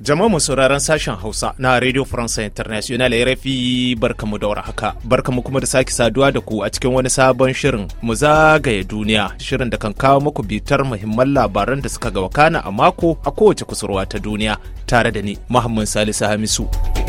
Jama'a sauraron sashen Hausa na Radio France International RFI barkamu da warhaka. Barkamu kuma da sake saduwa da ku a cikin wani sabon shirin mu zagaye duniya, shirin da kan kawo muku bitar muhimman labaran da suka ga wakana a mako a kowace kusurwa ta duniya tare da ni Muhammad Salisu Hamisu.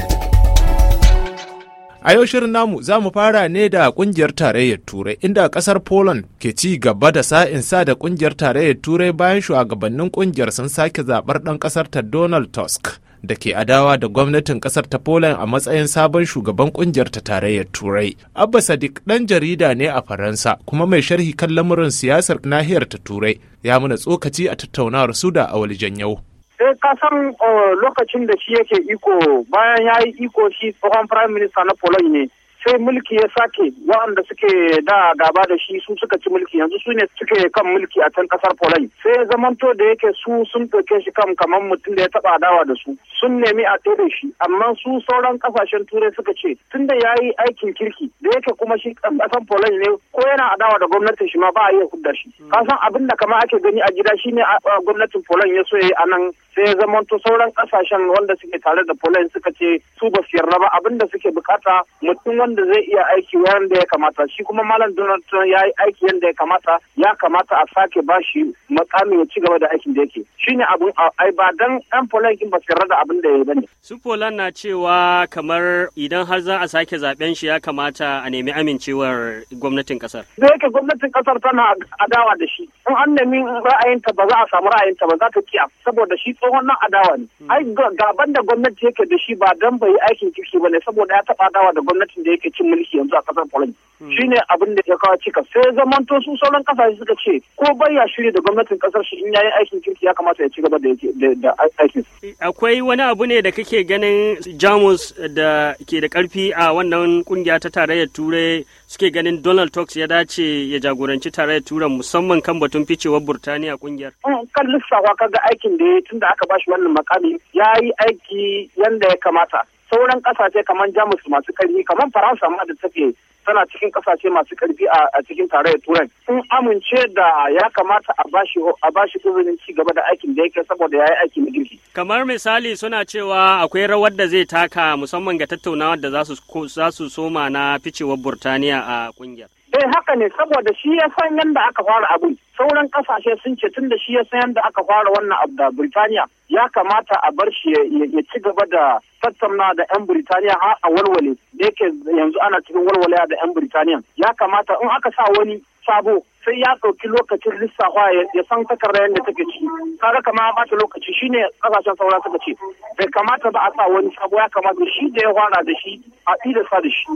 A yau shirin namu za mu fara ne da kungiyar tarayyar Turai inda kasar Poland ke ci gaba da sa'in sa da kungiyar tarayyar Turai bayan shugabannin kungiyar sun sake zaɓar ɗan kasar ta Donald Tusk da ke adawa da gwamnatin ƙasar ta Poland a matsayin sabon shugaban kungiyar ta tarayyar Turai. Abba Sadiq ɗan jarida ne a Faransa kuma mai sharhi kan lamurin siyasar nahiyar ta Turai ya muna tsokaci a tattaunawar su da Awali Janyau. sai eh, kasan oh, lokacin da shi yake iko bayan ya yi iko shi tsohon prime minister na Poland ne sai mulki ya sake waɗanda suke da gaba da shi su suka ci mulki yanzu su ne suke kan mulki a can kasar Poland sai zamanto da yake su sun ɗauke shi kan kamar mutum da ya taɓa dawa da su sun nemi a tere shi amma su sauran ƙasashen turai suka ce tun da ya yi aikin kirki da yake kuma shi ƙasar Poland ne ko yana adawa da gwamnatin shi ma ba a iya hudda shi hmm. ka san abin da kamar ake gani a gida shine gwamnatin Poland ya so ya yi a nan sai ya zamanto sauran ƙasashen wanda suke tare da Poland suka ce su ba su yarda ba abin da suke bukata mutum wanda zai iya aiki wanda ya kamata shi kuma malam donald trump ya yi aiki yadda ya kamata ya kamata a sake ba shi makamin ya ci gaba da aikin da yake ne abu ai ba dan yan poland kin ba su yarda da abin da ya yi bane su polan na cewa kamar idan har za a sake zaben shi ya kamata a nemi amincewar gwamnatin kasar da yake gwamnatin kasar tana adawa da shi in an nemi ra'ayinta ba za a samu ra'ayinta ba za ta kiya saboda shi tsohon nan adawa ne hmm. ai gaban da gwamnati yake da shi ba dan bai yi aikin kirki ne saboda ya taba adawa da gwamnatin da yake yake cin mulki yanzu a kasar Poland Hmm. shine abin da ya kawo cika sai zamanto su sauran kasashe suka ce ko baya shiri da gwamnatin kasar shi in yayi aikin kirki ya kamata ya ci gaba da aikin akwai wani abu ne da kake ganin Jamus da ke da karfi a wannan kungiya ta tarayyar Turai suke ganin Donald Tusk ya dace ya jagoranci tarayyar Turai musamman kan batun ficewar Burtaniya kungiyar kan lissawa kaga aikin da ya tunda aka bashi wannan makami ya yi aiki yanda ya kamata sauran kasashe kamar jamus masu karfi kamar faransa ma da take tana cikin kasashe masu karfi a cikin tarayyar turai sun amince da ya kamata a bashi a bashi izinin ci gaba da aikin da yake saboda yayi aiki na girki kamar misali suna cewa akwai rawar da zai taka musamman ga tattaunawar da za su soma na ficewar burtaniya a kungiyar Eh haka ne saboda shi ya san yadda aka fara abin. Sauran kasashe sun ce tun da shi ya san yadda aka fara wannan abu da Birtaniya ya kamata a bar shi ya ci gaba da tattauna da 'yan Birtaniya har a walwale da yake yanzu ana cikin walwale da 'yan Birtaniya. Ya kamata in aka sa wani sabo sai ya ɗauki lokacin lissafa ya san takarda yadda take ciki kaga kama ba bata lokaci shine kasashen saura suka ce bai kamata ba a sa wani sabo ya kamata shi da ya fara da shi a da sa da shi.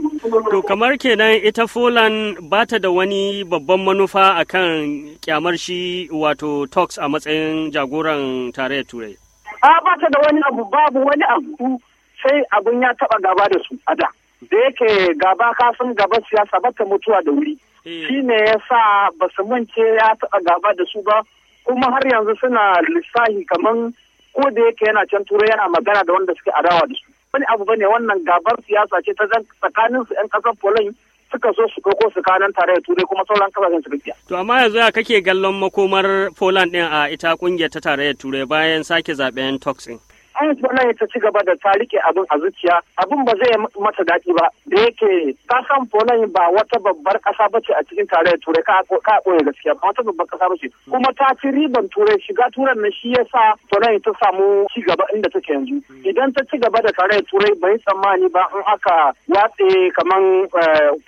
to kamar kenan ita folan ba ta da wani babban manufa akan kyamar shi wato tox a matsayin jagoran tarayyar turai. a ba ta da wani abu babu wani abu sai abun ya taba gaba da su a da da yake gaba kasan gaba siyasa ba ta mutuwa da wuri Eh. shi ya sa ba su mance ya taɓa gaba da su ba kuma har yanzu suna lissahi kaman ko da yake yana can turai yana magana da wanda suke adawa da su wani abu bane wannan gabar siyasa ce ta tsakanin su yan kasar polin suka so su ɗauko su kanan tarayyar turai kuma sauran kasashen su gaskiya. To amma yanzu ya kake gallon makomar Poland ɗin a ita kungiyar ta tarayyar turai bayan sake zaɓen Toxin. an Hezbollah ta ci gaba da ta rike abin a zuciya abin ba zai mata daɗi ba da yake ta san Poland ba wata babbar ƙasa ba ce a cikin tarayyar Turai ka ka gaskiya ba wata babbar ƙasa ba ce kuma ta ci riban Turai shiga Turan na shi yasa Poland ta samu ci gaba inda take yanzu idan ta ci gaba da tarayyar Turai bai tsammani ba in aka watse kaman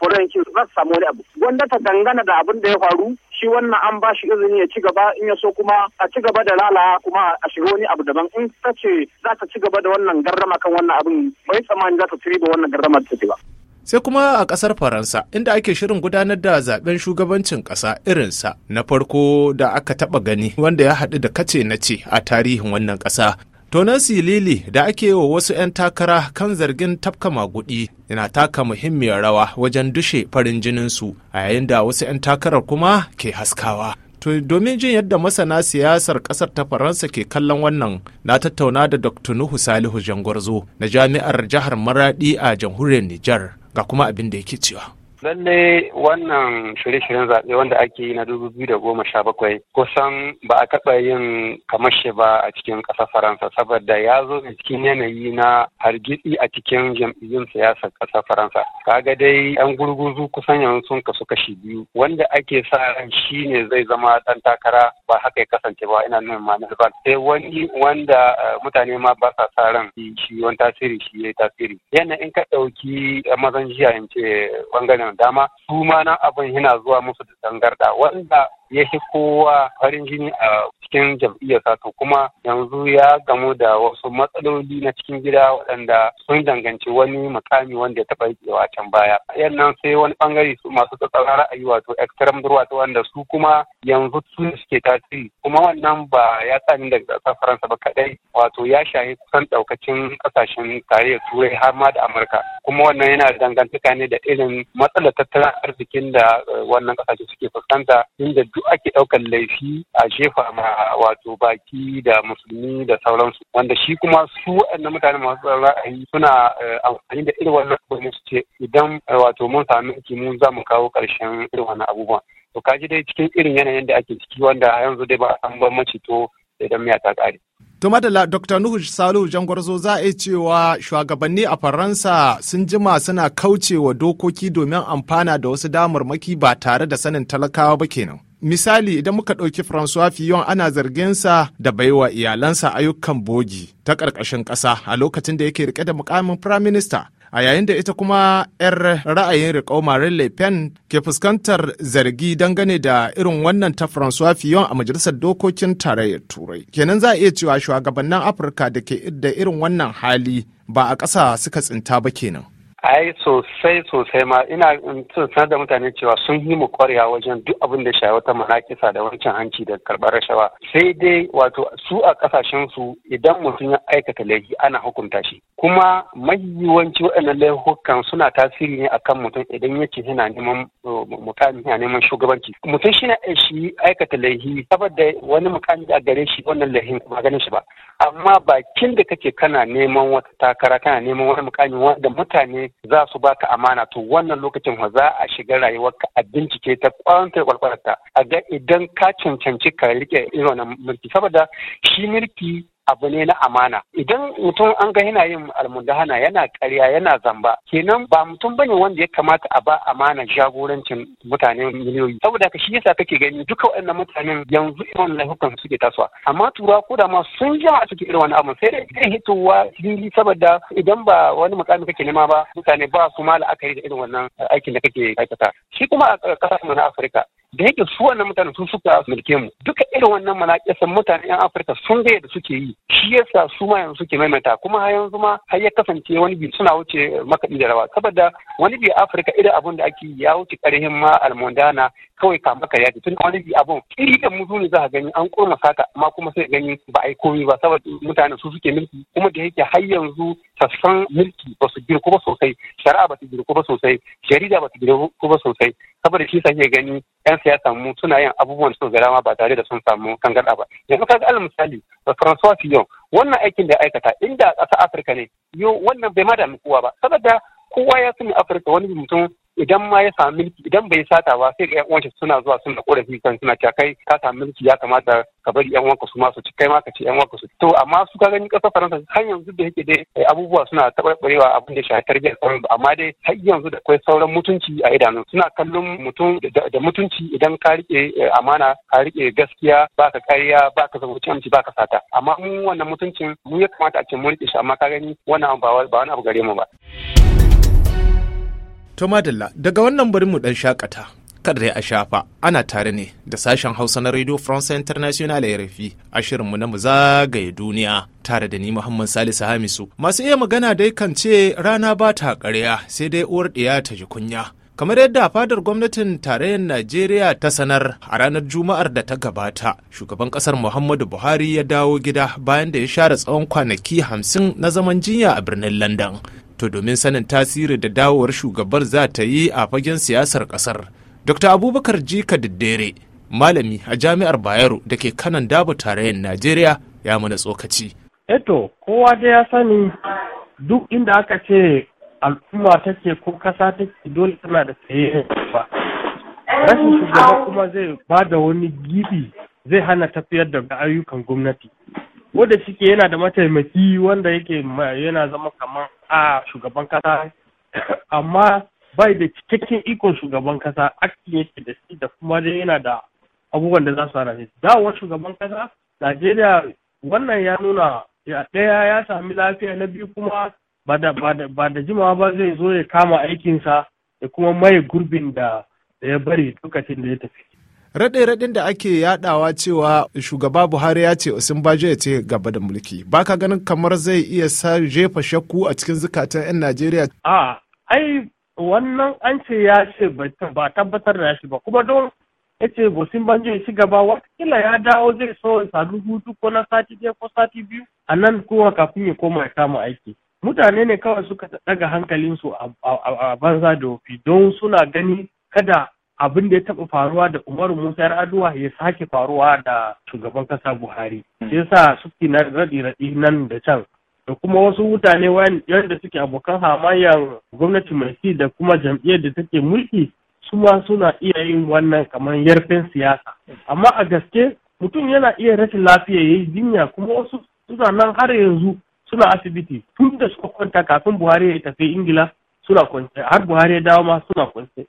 Poland eh, ki za su samu wani abu wanda ta dangana da abin da ya faru shi wannan an ba shi izini ya ci gaba in ya so kuma a ci gaba da lalawa kuma a shiga wani abu daban in ta ce za ta ci gaba da wannan garrama kan wannan abin bai tsammani za ta ci ba wannan garrama da take ba. sai kuma a kasar faransa inda ake shirin gudanar da zaben shugabancin kasa irinsa na farko da aka taba gani wanda ya haɗu da kace na ce a tarihin wannan kasa Tonon silili da ake wa wasu 'yan takara kan zargin tafka magudi yana taka muhimmiyar rawa wajen dushe farin jininsu a yayin da wasu 'yan takarar kuma ke haskawa. To domin jin yadda masana siyasar ƙasar ta Faransa ke kallon wannan na tattauna da Dr. Nuhu Salihu Jangwarzo na jami'ar jihar Maradi a jamhuriyar Nijar ga kuma abin da yake cewa. Lalle wannan shirye-shiryen zaɓe wanda ake yi na bakwai kusan ba a taɓa yin kamar shi ba a cikin ƙasar Faransa saboda ya zo a cikin yanayi na hargitsi a cikin jam'iyyun siyasar ƙasar Faransa. Kaga dai 'yan gurguzu kusan yanzu sun kasu kashi biyu wanda ake sa ran shi ne zai zama ɗan takara ba haka ya kasance ba ina nuna ma ba. Sai wani wanda eh, mutane ma ba sa sa ran shi wani tasiri shi ya yi tasiri. Yana in ka ɗauki eh, mazan jiya in ce ɓangaren dama su ma nan abin yana zuwa musu da tangarda wanda ya fi kowa farin jini a cikin jam'iyyar to kuma yanzu ya gamu da wasu matsaloli na cikin gida waɗanda sun danganci wani mukami wanda ya taɓa riƙewa can baya yannan sai wani bangare su masu tsatsara ra'ayi wato extreme wato wanda su kuma yanzu su suke tasiri kuma wannan ba ya tsani daga ƙasar faransa ba kaɗai wato ya shahi kusan ɗaukacin ƙasashen tarayyar turai har ma da amurka kuma wannan yana dangantaka ne da irin matsalar tattalin arzikin da eh, wannan ƙasashe suke fuskanta inda su ake ɗaukan laifi a jefa ma wato baki da musulmi da sauransu wanda shi kuma su waɗannan mutane masu tsaron ra'ayi suna eh, amfani da irin wannan abubuwan su ce idan eh, wato mun sami mun za mu kawo ƙarshen irin wannan abubuwan to kaji dai cikin irin yanayin da ake ciki wanda yanzu dai ba an bambanci to idan miya ta ƙare. To madalla Dr. Nuhu Salu Jangwarzo za a iya cewa shugabanni a Faransa sun jima suna kauce wa dokoki domin amfana da wasu damarmaki ba tare da sanin talakawa ba kenan. Misali idan muka ɗauki François Fillon ana zarginsa da baiwa iyalansa ayyukan bogi ta ƙarƙashin ƙasa a lokacin da yake rike da mukamin Prime Minister. a yayin da ita kuma 'yar ra'ayin riƙau Marine Le Pen ke fuskantar zargi dangane da irin wannan ta François Fillon a majalisar dokokin tarayyar Turai. Kenan za a iya cewa shugabannin Afirka da ke da irin wannan hali ba a ƙasa suka tsinta ba kenan. ai sosai sosai ma ina sanar da mutane cewa sun yi mu kwarewa wajen duk abin da shawo ta manakisa da wancan hanci da karɓar rashawa sai dai wato su a kasashen su idan mutum ya aikata laifi ana hukunta shi kuma mahiyawanci waɗannan laifukan suna tasiri ne akan mutum idan ya ce yana neman uh, mukami yana neman shugabanci mutum shi na shi aikata laifi saboda wani mukami a gare shi wannan laifin kuma ganin shi ba amma bakin da kake kana neman wata takara kana neman wani mukami wanda mutane za su baka amana to wannan lokacin ma za a shiga rayuwarka a bincike ta kwantar kwalkwalarta a ga idan ka cancanci ka rike irin wannan mulki saboda shi mulki abu ne na amana idan mutum an ga yana yin almundahana yana karya yana zamba kenan ba mutum bane wanda ya kamata a ba amana jagorancin mutane miliyoyi saboda ka shi yasa kake gani duka waɗannan mutanen yanzu irin laifukan suke tasowa amma tura ko da ma sun jama suke irin wani abu sai dai irin hitowa fili saboda idan ba wani mukami kake nema ba mutane ba su ma la'akari da irin wannan aikin da kake aikata shi kuma a ƙasashen na Afirka da yake su wannan mutanen sun suka mulke mu duka irin wannan manaƙisan mutane yan afirka sun ga yadda suke yi shi yasa su ma yanzu suke maimaita kuma har yanzu ma har ya kasance wani bi suna wuce makaɗi da rawa saboda wani bi afirka irin abun da ake ya wuce karhin ma almondana kawai kama ka yaji tun wani bi abun iri da mutu ne za a gani an kurma saka amma kuma sai gani ba a yi komai ba saboda mutanen su suke mulki kuma da yake har yanzu sassan mulki ba su girku ba sosai shari'a ba su girku ba sosai jarida ba su girku ba sosai saboda shi sa gani yan siyasa mu suna yin abubuwan su ga dama ba tare da sun samu kangarda ba yanzu kaga alal misali François Fillon wannan aikin da ya aikata inda a Afirka ne yo wannan bai ma da kowa ba saboda kowa ya sani Afirka wani mutum idan ma ya sami milki idan bai sata ba sai yan suna zuwa suna korafi kan suna cewa kai ka samu milki ya kamata ka bari yan uwanka su ma su ci kai ma ka ci yan uwanka su to amma su ka gani kasar faransa har yanzu da yake dai eh, abubuwa suna taɓarɓarewa abin da shafi tarbiyyar sauran amma dai har yanzu da akwai sauran mutunci a idanun suna kallon mutum da mutunci idan ka rike eh, amana ka rike gaskiya baka kariya baka zabuci amci baka sata amma mu wannan mutuncin mu ya kamata a ce mu rike shi amma ka gani wannan ba wani abu gare mu ba. To madalla daga wannan bari mu dan shakata. Kada dai a shafa ana tare ne da sashen Hausa na Radio France International ya rafi a mu na mu zagaye duniya tare da ni Muhammad Salisu Hamisu. Masu iya magana dai kan ce rana ba ta ƙarya sai dai uwar ɗiya ta ji kunya. kamar yadda fadar gwamnatin tarayyar najeriya ta sanar a ranar juma'ar da ta gabata shugaban kasar muhammadu buhari ya dawo gida bayan da ya share tsawon kwanaki hamsin na zaman jinya a birnin london to domin sanin tasiri da dawowar shugabar za ta yi a fagen siyasar kasar dr abubakar jika diddere malami a jami'ar bayero da ke kanan dabo tarayyar najeriya ya mana tsokaci eto eh kowa da ya sani duk inda aka ce al'umma take ko kasa take dole tana da tsaye ba rashin shugaba kuma zai ba da wani gibi zai hana tafiyar da ayyukan gwamnati wanda shi yana da mataimaki wanda yake yana zama kamar a shugaban kasa amma bai da cikakken ikon shugaban kasa akti yake da shi da kuma dai yana da abubuwan da za su hana shi dawowar shugaban kasa najeriya wannan ya nuna ya ɗaya ya sami lafiya na biyu kuma ba da ba da jimawa ba zai zo ya kama aikinsa da kuma maye gurbin da ya bari lokacin da ya tafi raɗe-raɗin da ake yaɗawa cewa shugaba buhari ya ce osinbajo ya ce gaba da mulki baka ganin kamar zai iya sa jefa shakku a cikin zukatan 'yan najeriya a ai wannan an ce ya ce ba tabbatar da shi ba kuma don ya ce osinbajo ya ci gaba watakila ya dawo zai so ya sami hutu ko na sati ɗaya ko sati biyu a nan kowa kafin ya koma ya kama aiki mutane ne kawai suka daga hankalinsu a banza da wofi don suna gani kada abin da ya taɓa faruwa da Umaru Musa Yar'adua ya sake faruwa da shugaban kasa Buhari. Hmm. Shi yasa suke na raɗi-raɗi nan da can. Da kuma wasu mutane wanda suke abokan hamayyar gwamnati mai si da kuma jam'iyyar da take mulki su ma suna iya yin wannan kamar yarfen siyasa. Amma a gaske mutum yana iya rashin lafiya ya yi jinya kuma wasu suna nan har yanzu suna asibiti tun da suka kwanta kafin Buhari ya tafi Ingila suna kwance har Buhari ya dawo ma suna kwance.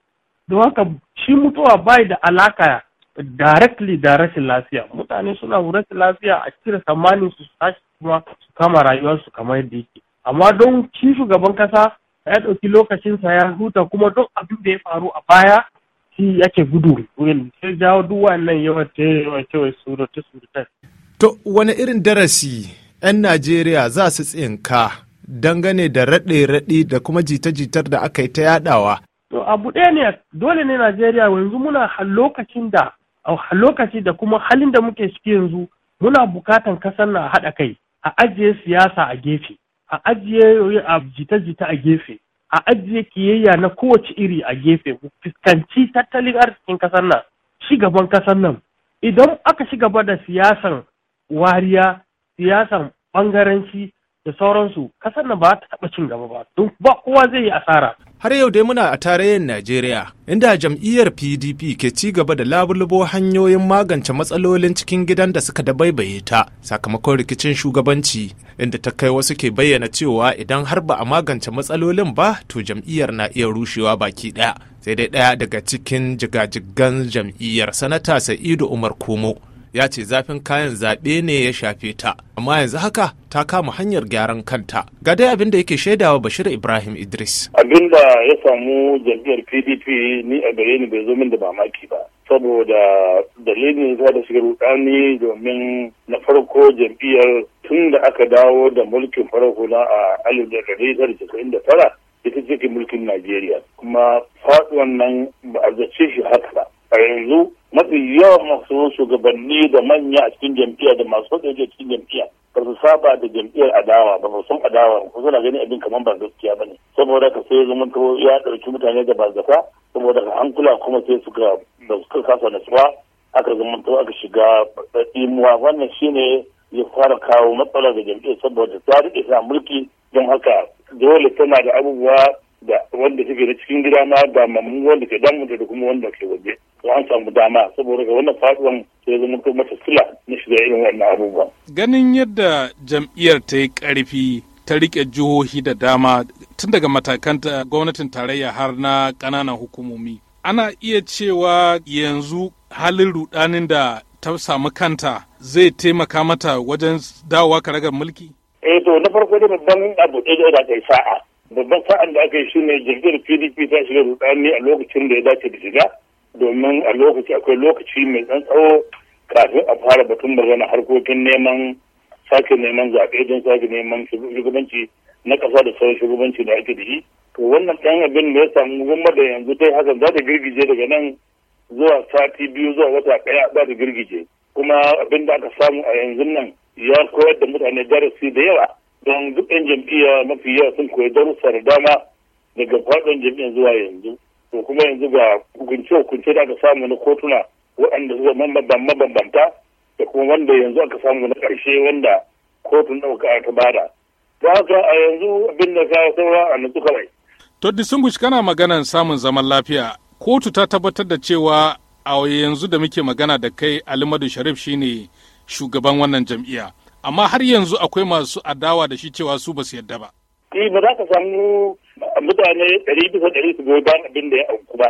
don haka shi mutuwa bai da alaka directly da rashin lafiya mutane suna rashin lafiya a cire tsammanin su tashi kuma su kama rayuwarsu kamar yadda yake amma don shi shugaban kasa ya ɗauki lokacinsa ya huta kuma duk abin da ya faru a baya shi yake gudu sai jawo duk wannan yawace wai surutu surutu. To wani irin darasi 'yan Najeriya za su tsinka dangane da raɗe-raɗe da kuma jita-jitar da aka yi ta yaɗawa to abu ɗaya ne dole ne najeriya yanzu muna lokacin da a lokaci da kuma halin da muke ciki yanzu muna bukatan kasar na haɗa kai a ajiye siyasa a gefe a ajiye a jita-jita a gefe a ajiye kiyayya na kowace iri a gefe ku fuskanci tattalin arzikin kasar nan shi gaban kasar nan idan aka shiga gaba da siyasan wariya siyasan bangaranci da sauransu kasar nan ba ta taɓa cin gaba ba don ba kowa zai yi asara har yau dai muna a tarayyar Najeriya, inda jam'iyyar PDP ke ci gaba da labulbo hanyoyin magance matsalolin cikin gidan da suka dabaibaye ta sakamakon rikicin shugabanci, inda ta kai wasu ke bayyana cewa idan har ba a magance matsalolin ba to jam'iyyar na iya rushewa baki ɗaya. Sai dai ɗaya daga cikin jigajigan jam'iyyar sanata Sa'idu Umar Komo ya ce zafin kayan zaɓe ne ya shafe ta amma yanzu haka ta kama hanyar gyaran kanta ga dai abin da yake shaidawa bashir ibrahim idris abin da ya samu jam'iyyar pdp ni a gare ni bai zo min da mamaki ba saboda dalilin zuwa da shiga rudani domin na farko jam'iyyar tun da aka dawo da mulkin farko na a alif da tara ita ce mulkin najeriya kuma faɗuwan nan ba a zace shi haka ba a yanzu mafi yawan masu shugabanni da manya a cikin jam'iyyar da masu fasa a cikin jam'iyyar ba su saba da jam'iyyar adawa ba ba sun adawa ba suna ganin abin kamar ba gaskiya ba ne saboda ka sai zama ya ɗauki mutane da ba zata saboda ka hankula kuma sai suka da suka kasa natsuwa aka zama aka shiga imuwa wannan shine ya fara kawo matsala ga jam'iyyar saboda ta riƙe sa mulki don haka dole tana da abubuwa da wanda suke da cikin gida na ga mamu wanda ke damu da kuma wanda ke waje. to an samu dama saboda ga wannan faduwan sai zama ko mata sila na shiga irin wannan abubuwa. Ganin yadda jam'iyyar ta yi ƙarfi ta rike jihohi da dama tun daga matakan gwamnatin tarayya har na ƙananan hukumomi. Ana iya cewa yanzu halin rudanin da ta samu kanta zai taimaka mata wajen dawowa karagar mulki? Eh to na farko dai babban abu ɗaya da kai sa'a. Babban sa'an da aka yi shine jirgin PDP ta shiga rudani a lokacin da ya dace da shiga. domin a lokaci akwai lokaci mai ɗan tsawo kafin a fara batun magana harkokin neman sake neman zaɓe don sake neman shugabanci na ƙasa da sauran shugabanci da ake da shi to wannan ɗan abin da ya samu gumma da yanzu dai hakan za ta girgije daga nan zuwa sati biyu zuwa wata ɗaya za ta girgije kuma abin da aka samu a yanzu nan ya koyar da mutane darasi da yawa don duk 'yan jam'iyya mafi yawa sun koyi darussa da dama daga faɗin jam'iyyar zuwa yanzu to kuma yanzu ga hukunce-hukunce da aka samu na kotuna waɗanda zama mabambanta da kuma wanda yanzu aka samu na ƙarshe wanda kotun ɗauka ta bada da haka a yanzu abin da ka saura a nutsu kawai. to distinguish kana maganan samun zaman lafiya kotu ta tabbatar da cewa a yanzu da muke magana da kai alimadu sharif shine shugaban wannan jam'iyya amma har yanzu akwai masu adawa da shi cewa su ba su yadda ba. Ni ba za ka samu mutane ɗari bisa ɗari su goyi bayan abin da ya auku ba.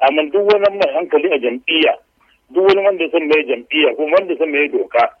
Amma duk wani mai hankali a jam'iyya, duk wani wanda son mai jam'iyya ko wanda son mai doka.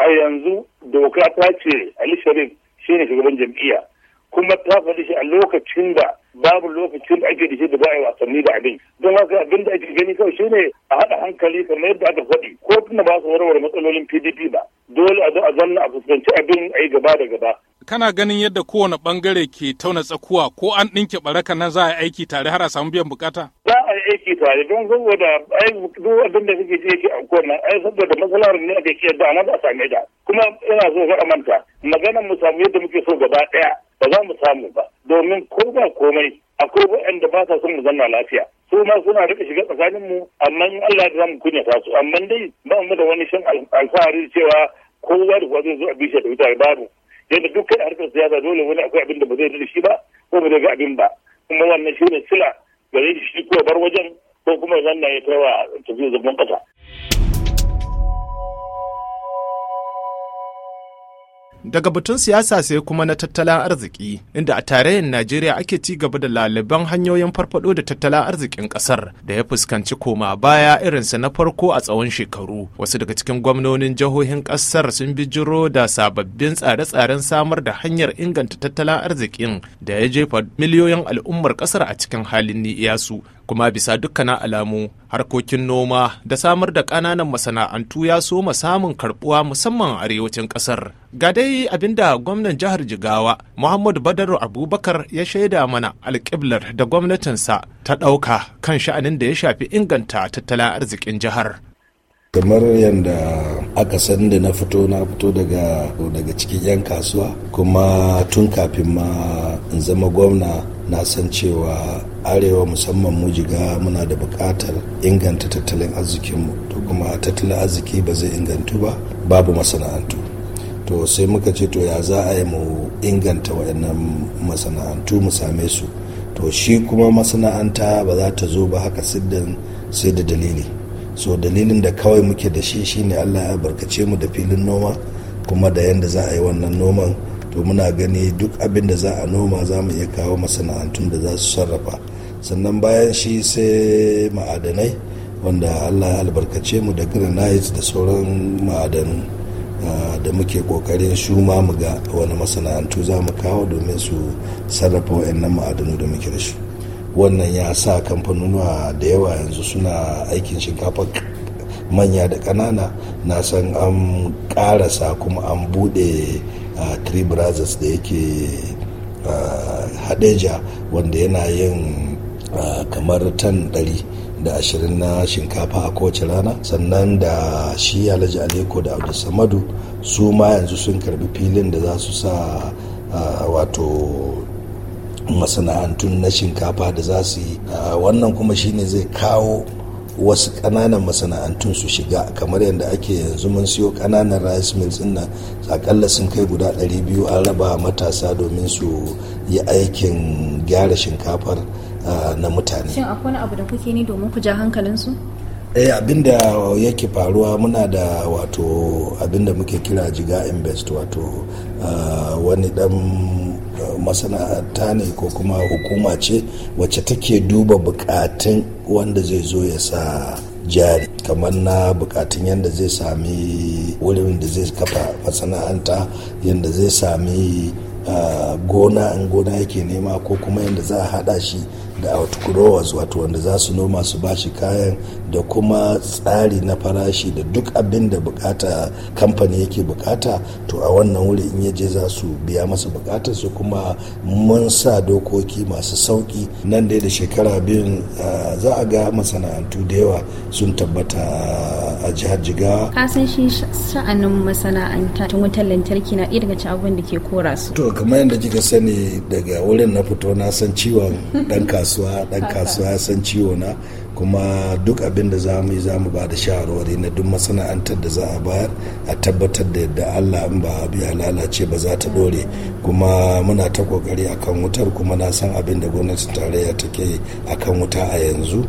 A yanzu doka ta ce Ali Sharif shi ne shugaban jam'iyya. Kuma ta faɗi shi a lokacin da babu lokacin da ake da shi da ba a yi wasanni da abin. Don haka abin da ake gani kawai shi ne a haɗa hankali kamar yadda aka faɗi. Ko da ba su warware matsalolin PDP ba. Dole a zo a zanna a fuskanci abin a yi gaba da gaba. kana ganin yadda kowane bangare ke tauna tsakuwa ko an ɗinke baraka nan za a yi aiki tare har a samu biyan bukata? Za a yi aiki tare don saboda ai duk abin da suke je a aukuwar ai saboda matsalar ne da ke da ba a same da kuma ina so ga manta maganar mu samu yadda muke so gaba ɗaya ba za mu samu ba domin ko ba komai akwai waɗanda ba sa son mu zanna lafiya su ma suna rika shiga tsakanin mu amma in Allah ya mu ta su amma dai ba mu da wani shan alfahari cewa kowa da kowa zai zo a bishe da wuta babu yadda duk kai harkar siyasa dole wani akwai abin da ba zai da shi ba ko ba zai ga abin ba kuma wannan shi ne sila gare shi shi ko bar wajen ko kuma zanna ya kai wa tafiya zaman kasa daga batun siyasa sai kuma na tattalin arziki inda a tarayyar najeriya ake ci gaba da laliban hanyoyin farfado da tattalin arzikin kasar da ya fuskanci koma baya irinsa na farko a tsawon shekaru wasu daga cikin gwamnonin jihohin kasar sun bijiro da sababbin tsare-tsaren samar da hanyar inganta tattalin arzikin da ya jefa miliyoyin al'ummar kasar a cikin halin ni'iyasu kuma bisa dukkanin alamu harkokin noma da samar da ƙananan masana'antu ya soma samun karbuwa musamman a arewacin ƙasar ga dai abinda gwamnan jihar jigawa muhammadu badaru abubakar ya shaida mana alƙiblar da gwamnatinsa ta ɗauka kan sha'anin da ya shafi inganta tattalin arzikin jihar kamar yadda aka san da na fito na fito daga daga cikin 'yan kasuwa kuma tun kafin ma in zama gwamna na san cewa arewa musamman mu jiga muna da buƙatar inganta tattalin arzikinmu to kuma tattalin arziki ba zai ingantu ba babu masana'antu to sai muka ce to ya za a yi mu inganta waɗannan masana'antu mu same su to shi kuma masana'anta ba za ta zo ba haka sai da dalili so dalilin da kawai muke da shi shine allah ya barkace mu da filin noma kuma da yadda za a yi wannan noman to muna gani duk abin da za a noma za mu iya kawo masana'antun da za su sarrafa sannan bayan shi sai ma'adanai wanda allah ya albarkace mu da granite da sauran ma'adanu da muke kokarin su ma mu wani masana'antu za mu kawo domin su sarrafa wa'annan ma'adanu da muke da shi wannan ya sa kamfanonuwa da yawa yanzu suna aikin shinkafa manya da ƙanana na san an ƙarasa kuma an buɗe ah, three brothers da yake ah, hadeja wanda yana yin ah, kamar tan ɗari da ashirin na shinkafa a kowace rana sannan da shi alhaji aliko da abdul samadu su ma yanzu sun karbi filin da za su sa wato masana'antun na shinkafa da za su yi wannan kuma shine zai kawo wasu ƙananan masana'antun su shiga kamar yadda ake yanzu mun siyo ƙananan rice mills ɗin nan akalla sun kai guda 200 an raba matasa domin su yi aikin gyara shinkafar na mutane shin akwai wani abu da kuke ni domin ku ja hankalin hankalinsu eh abinda yake faruwa muna da wato abinda muke kira jiga invest wato wani dan masana'anta ne ko kuma hukuma ce wacce take duba bukatun wanda zai zo ya sa jari kamar na bukatun yadda zai sami wurin da zai kafa masana'anta yadda zai sami ah, gona in gona yake nema ko kuma yadda za a hada shi da outgrowers wato wanda za su noma su bashi kayan da kuma tsari na farashi da duk abin da bukata kamfani yake bukata to a wannan wuri in yaje za su biya masa bukatar su kuma mun sa dokoki masu sauki nan dai da shekara biyun za a ga masana'antu da yawa sun tabbata a jihar jigawa kasan shi sha'anin masana'anta tun wutar lantarki na daga cikin abin da ke kora su to kamar yadda kika sani daga wurin na fito na san ciwon ɗanka kasuwa dan kasuwa ya san ciwo na kuma duk abin da za mu yi za mu ba da shawarwari na duk masana'antar da za a bayar a tabbatar da yadda allah in ba abu ya lalace ba za ta dore kuma muna ta kokari akan wutar kuma na san abin da gwamnatin tarayya take akan wuta a yanzu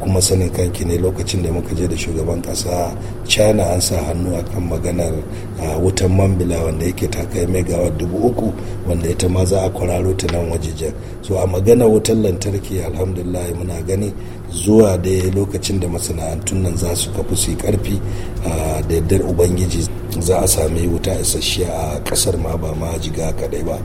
kuma sanin kanki ne lokacin da muka je da shugaban kasa china an sa hannu a kan maganar wutan mambila wanda yake ta kai megawa dubu uku wanda ita ma za a kwararo ta nan wajejen so a maganar wutan lantarki alhamdulillah muna gani zuwa da lokacin da masana'antun nan za su kafu su yi karfi da yardar ubangiji za a sami wuta isasshiya a kasar ma ba ma jiga kadai ba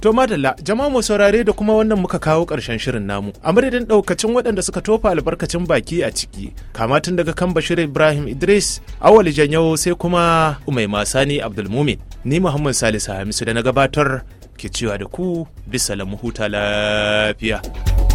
To madalla jama mu saurare da kuma wannan muka kawo ƙarshen shirin namu. A madadin ɗaukacin waɗanda suka tofa albarkacin baki a ciki. Kama tun daga kan Bashir Ibrahim Idris, Awali Janyo sai kuma Umai Masani Abdulmumin. Ni Muhammad Salisu Hamisu da na gabatar ke cewa da ku bisa lamu huta lafiya.